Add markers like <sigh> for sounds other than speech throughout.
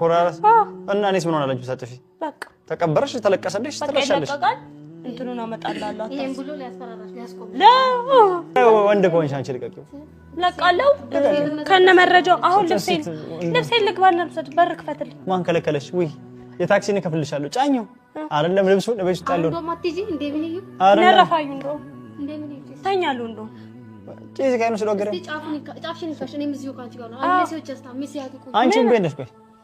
ኮራራስ እና እኔስ ምን ሆናለሁ? ሳጥፊ በቃ ተቀበረሽ፣ ተለቀሰልሽ፣ ተለሻለሽ። እንትኑን አመጣልሃለሁ። ይሄን ብሎ ሊያስፈራራሽ ከነ መረጃው አሁን ልብሴን ልብሴን ልግባል። በር ክፈትልኝ። ማን ከለከለሽ? ውይ የታክሲን እከፍልሻለሁ። ጫኘው አይደለም ልብሱን እቤት ውስጥ ያለውን ተኛለሁ እንደው ጭዚ ጋር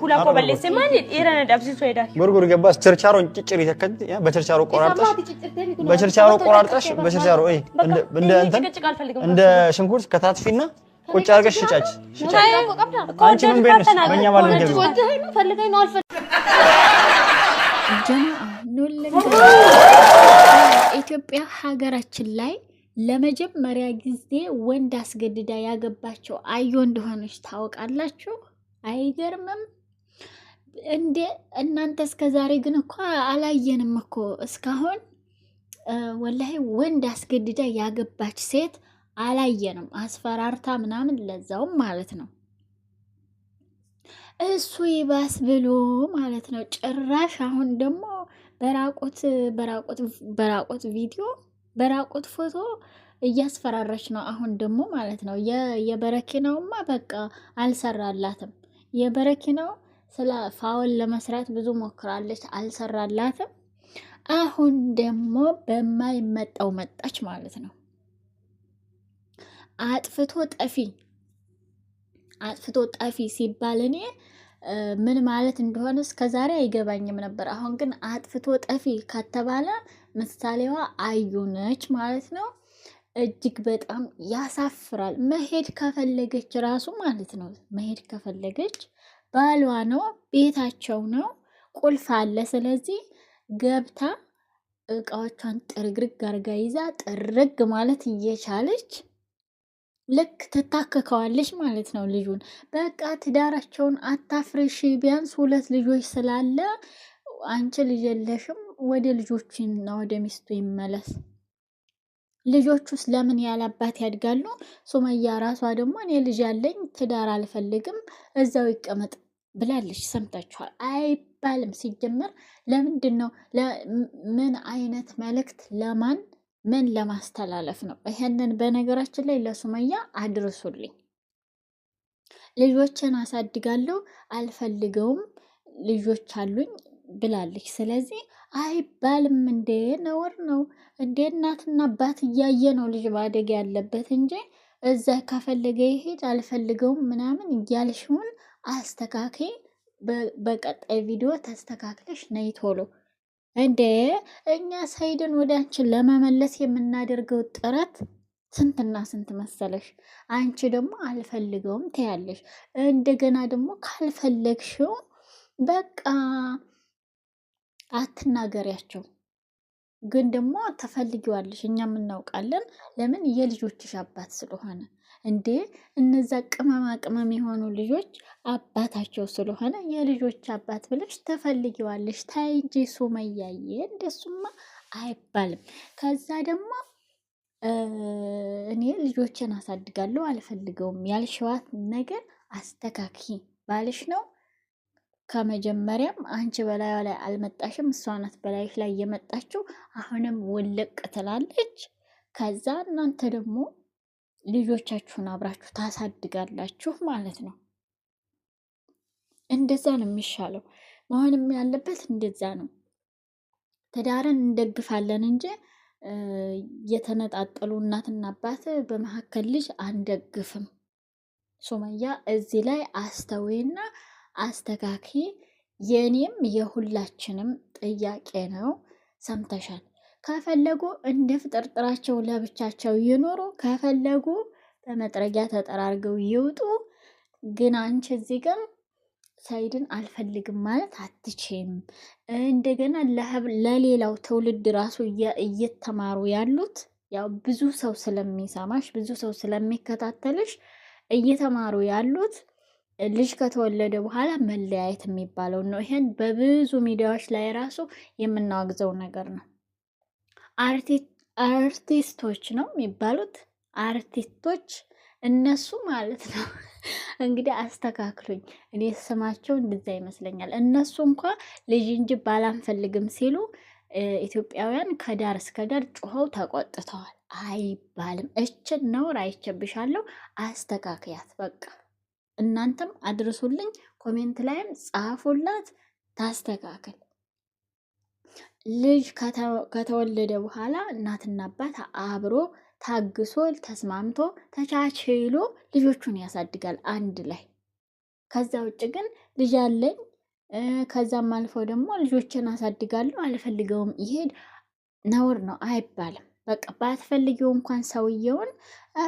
ፉላ ጉርጉር ገባስ ቸርቻሮን ጭጭር በቸርቻሮ ቆራርጠሽ በቸርቻሮ ቆራርጠሽ በቸርቻሮ እንደ እንትን እንደ ሽንኩርት ከታትፊና ቁጭ አድርገሽ ሽጫች አንቺ ምን በእኛ ኢትዮጵያ ሀገራችን ላይ ለመጀመሪያ ጊዜ ወንድ አስገድዳ ያገባቸው አዮ እንደሆነች ታውቃላችሁ። አይገርምም እንዴ እናንተ እስከ ዛሬ ግን እኮ አላየንም እኮ እስካሁን ወላሂ ወንድ አስገድዳ ያገባች ሴት አላየንም። አስፈራርታ ምናምን ለዛውም ማለት ነው እሱ ይባስ ብሎ ማለት ነው። ጭራሽ አሁን ደግሞ በራቆት በራቁት በራቆት ቪዲዮ በራቆት ፎቶ እያስፈራረች ነው። አሁን ደግሞ ማለት ነው የበረኪናውማ በቃ አልሰራላትም። የበረኪናው ስለ ፋውል ለመስራት ብዙ ሞክራለች፣ አልሰራላትም። አሁን ደግሞ በማይመጣው መጣች ማለት ነው። አጥፍቶ ጠፊ አጥፍቶ ጠፊ ሲባል እኔ ምን ማለት እንደሆነ እስከዛሬ አይገባኝም ነበር። አሁን ግን አጥፍቶ ጠፊ ከተባለ ምሳሌዋ አዩ ነች ማለት ነው። እጅግ በጣም ያሳፍራል። መሄድ ከፈለገች ራሱ ማለት ነው መሄድ ከፈለገች ባሏ ነው፣ ቤታቸው ነው፣ ቁልፍ አለ። ስለዚህ ገብታ እቃዎቿን ጥርግርግ አርጋ ይዛ ጥርግ ማለት እየቻለች ልክ ትታከከዋለች ማለት ነው ልጁን። በቃ ትዳራቸውን አታፍርሽ፣ ቢያንስ ሁለት ልጆች ስላለ አንቺ ልጅ የለሽም፣ ወደ ልጆችና ወደ ሚስቱ ይመለስ። ልጆቹስ ለምን ያላባት ያድጋሉ? ሱመያ ራሷ ደግሞ እኔ ልጅ ያለኝ ትዳር አልፈልግም እዛው ይቀመጥ ብላለች። ሰምታችኋል? አይባልም። ሲጀመር ለምንድን ነው ምን አይነት መልእክት ለማን ምን ለማስተላለፍ ነው? ይሄንን በነገራችን ላይ ለሱመያ አድርሱልኝ። ልጆችን አሳድጋለሁ አልፈልገውም ልጆች አሉኝ ብላለች። ስለዚህ አይባልም እንዴ? ነውር ነው እንዴ? እናትና አባት እያየ ነው ልጅ ማደግ ያለበት እንጂ እዛ ከፈለገ ይሄድ አልፈልገውም ምናምን እያልሽውን አስተካከይ። በቀጣይ ቪዲዮ ተስተካክለሽ ነይ ቶሎ። እንዴ እኛ ሳይድን ወደ አንቺን ለመመለስ የምናደርገው ጥረት ስንትና ስንት መሰለሽ። አንቺ ደግሞ አልፈልገውም ትያለሽ። እንደገና ደግሞ ካልፈለግሽው በቃ አትናገሪያቸው ግን ደግሞ ተፈልጊዋለሽ፣ እኛም እናውቃለን። ለምን የልጆችሽ አባት ስለሆነ እንዴ። እነዛ ቅመማ ቅመም የሆኑ ልጆች አባታቸው ስለሆነ የልጆች አባት ብለሽ ተፈልጊዋለሽ። ታይ እንጂ ሱመያዬ፣ እንደሱማ አይባልም። ከዛ ደግሞ እኔ ልጆችን አሳድጋለሁ አልፈልገውም ያልሸዋት ነገር አስተካኪ ባልሽ ነው ከመጀመሪያም አንቺ በላዩ ላይ አልመጣሽም፣ እሷ ናት በላይሽ ላይ የመጣችው። አሁንም ውልቅ ትላለች። ከዛ እናንተ ደግሞ ልጆቻችሁን አብራችሁ ታሳድጋላችሁ ማለት ነው። እንደዛ ነው የሚሻለው፣ መሆንም ያለበት እንደዛ ነው። ትዳርን እንደግፋለን እንጂ የተነጣጠሉ እናትና አባት በመካከል ልጅ አንደግፍም። ሱመያ እዚህ ላይ አስተዌና አስተካኪ። የኔም የሁላችንም ጥያቄ ነው። ሰምተሻል። ከፈለጉ እንደ ፍጥርጥራቸው ለብቻቸው ይኖሩ፣ ከፈለጉ በመጥረጊያ ተጠራርገው ይውጡ። ግን አንቺ እዚህ ግን ሰኢድን አልፈልግም ማለት አትችም። እንደገና ለሌላው ትውልድ ራሱ እየተማሩ ያሉት ያው ብዙ ሰው ስለሚሰማሽ፣ ብዙ ሰው ስለሚከታተልሽ እየተማሩ ያሉት ልጅ ከተወለደ በኋላ መለያየት የሚባለው ነው። ይሄን በብዙ ሚዲያዎች ላይ ራሱ የምናወግዘው ነገር ነው። አርቲስቶች ነው የሚባሉት አርቲስቶች እነሱ ማለት ነው <laughs> እንግዲህ አስተካክሉኝ። እኔ ስማቸው እንደዛ ይመስለኛል። እነሱ እንኳ ልጅ እንጂ ባላንፈልግም ሲሉ ኢትዮጵያውያን ከዳር እስከ ዳር ጩኸው ተቆጥተዋል። አይባልም። እችን ነውር አይቸብሻለሁ፣ አስተካክያት በቃ እናንተም አድርሱልኝ፣ ኮሜንት ላይም ጻፉላት፣ ታስተካከል። ልጅ ከተወለደ በኋላ እናትና አባት አብሮ ታግሶ ተስማምቶ ተቻችሎ ልጆቹን ያሳድጋል አንድ ላይ። ከዛ ውጭ ግን ልጅ አለኝ ከዛም አልፎ ደግሞ ልጆችን አሳድጋለሁ አልፈልገውም ይሄድ ነውር ነው አይባልም። በቃ ባትፈልጊው እንኳን ሰውየውን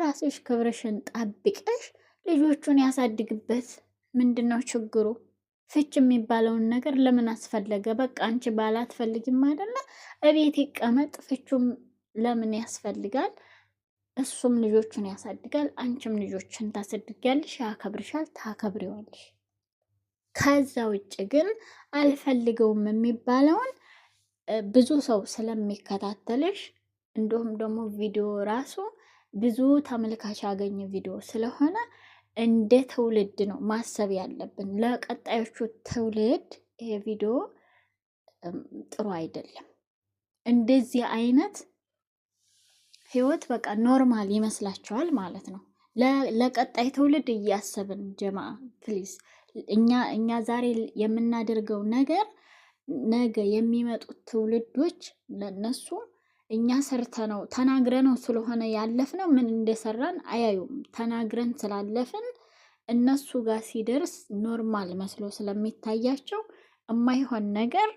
ራስሽ ክብርሽን ጠብቀሽ ልጆቹን ያሳድግበት። ምንድን ነው ችግሩ? ፍች የሚባለውን ነገር ለምን አስፈለገ? በቃ አንቺ ባል አትፈልጊም አይደለ? እቤት ይቀመጥ። ፍቹም ለምን ያስፈልጋል? እሱም ልጆቹን ያሳድጋል፣ አንቺም ልጆችን ታሳድጊያለሽ። ያከብርሻል፣ ታከብሪዋለሽ። ከዛ ውጭ ግን አልፈልገውም የሚባለውን ብዙ ሰው ስለሚከታተልሽ እንዲሁም ደግሞ ቪዲዮ ራሱ ብዙ ተመልካች ያገኘ ቪዲዮ ስለሆነ እንደ ትውልድ ነው ማሰብ ያለብን። ለቀጣዮቹ ትውልድ ይሄ ቪዲዮ ጥሩ አይደለም። እንደዚህ አይነት ህይወት በቃ ኖርማል ይመስላቸዋል ማለት ነው። ለቀጣይ ትውልድ እያሰብን ጀማ ፕሊዝ፣ እኛ እኛ ዛሬ የምናደርገው ነገር ነገ የሚመጡት ትውልዶች ለነሱም እኛ ሰርተ ነው ተናግረ ነው ስለሆነ ያለፍ ነው ምን እንደሰራን አያዩም። ተናግረን ስላለፍን እነሱ ጋር ሲደርስ ኖርማል መስሎ ስለሚታያቸው የማይሆን ነገር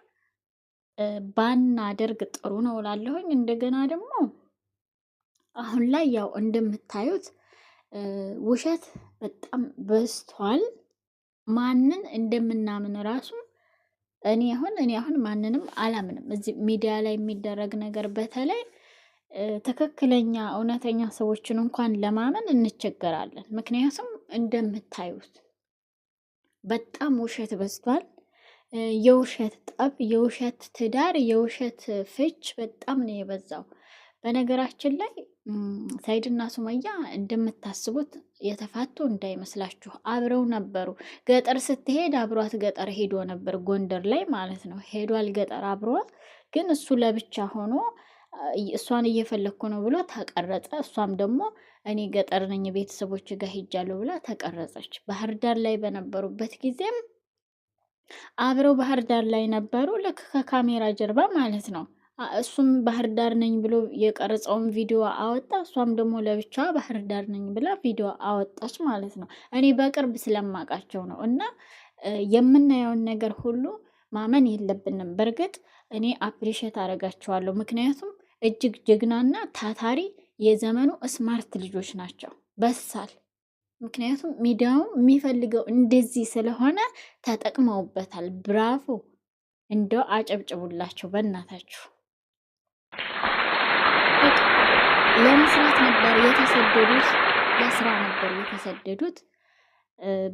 ባናደርግ ጥሩ ነው ላለሁኝ እንደገና ደግሞ አሁን ላይ ያው እንደምታዩት ውሸት በጣም በዝቷል። ማንን እንደምናምን ራሱ እኔ አሁን እኔ አሁን ማንንም አላምንም። እዚህ ሚዲያ ላይ የሚደረግ ነገር በተለይ ትክክለኛ እውነተኛ ሰዎችን እንኳን ለማመን እንቸገራለን። ምክንያቱም እንደምታዩት በጣም ውሸት በዝቷል። የውሸት ጠብ፣ የውሸት ትዳር፣ የውሸት ፍች በጣም ነው የበዛው። በነገራችን ላይ ሰይድና ሱመያ እንደምታስቡት የተፋቱ እንዳይመስላችሁ አብረው ነበሩ። ገጠር ስትሄድ አብሯት ገጠር ሄዶ ነበር፣ ጎንደር ላይ ማለት ነው። ሄዷል ገጠር አብሯት፣ ግን እሱ ለብቻ ሆኖ እሷን እየፈለግኩ ነው ብሎ ተቀረጸ። እሷም ደግሞ እኔ ገጠር ነኝ ቤተሰቦች ጋር ሄጃለሁ ብላ ተቀረጸች። ባህር ዳር ላይ በነበሩበት ጊዜም አብረው ባህር ዳር ላይ ነበሩ፣ ልክ ከካሜራ ጀርባ ማለት ነው። እሱም ባህር ዳር ነኝ ብሎ የቀረጸውን ቪዲዮ አወጣ። እሷም ደግሞ ለብቻ ባህር ዳር ነኝ ብላ ቪዲዮ አወጣች ማለት ነው። እኔ በቅርብ ስለማውቃቸው ነው። እና የምናየውን ነገር ሁሉ ማመን የለብንም። በእርግጥ እኔ አፕሪሼት አደርጋቸዋለሁ፣ ምክንያቱም እጅግ ጀግናና ታታሪ የዘመኑ ስማርት ልጆች ናቸው። በሳል ምክንያቱም ሚዲያው የሚፈልገው እንደዚህ ስለሆነ ተጠቅመውበታል። ብራቮ! እንደው አጨብጭቡላቸው በእናታችሁ። ለምስራት ነበር የተሰደዱት፣ ለስራ ነበር የተሰደዱት።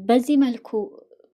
በዚህ መልኩ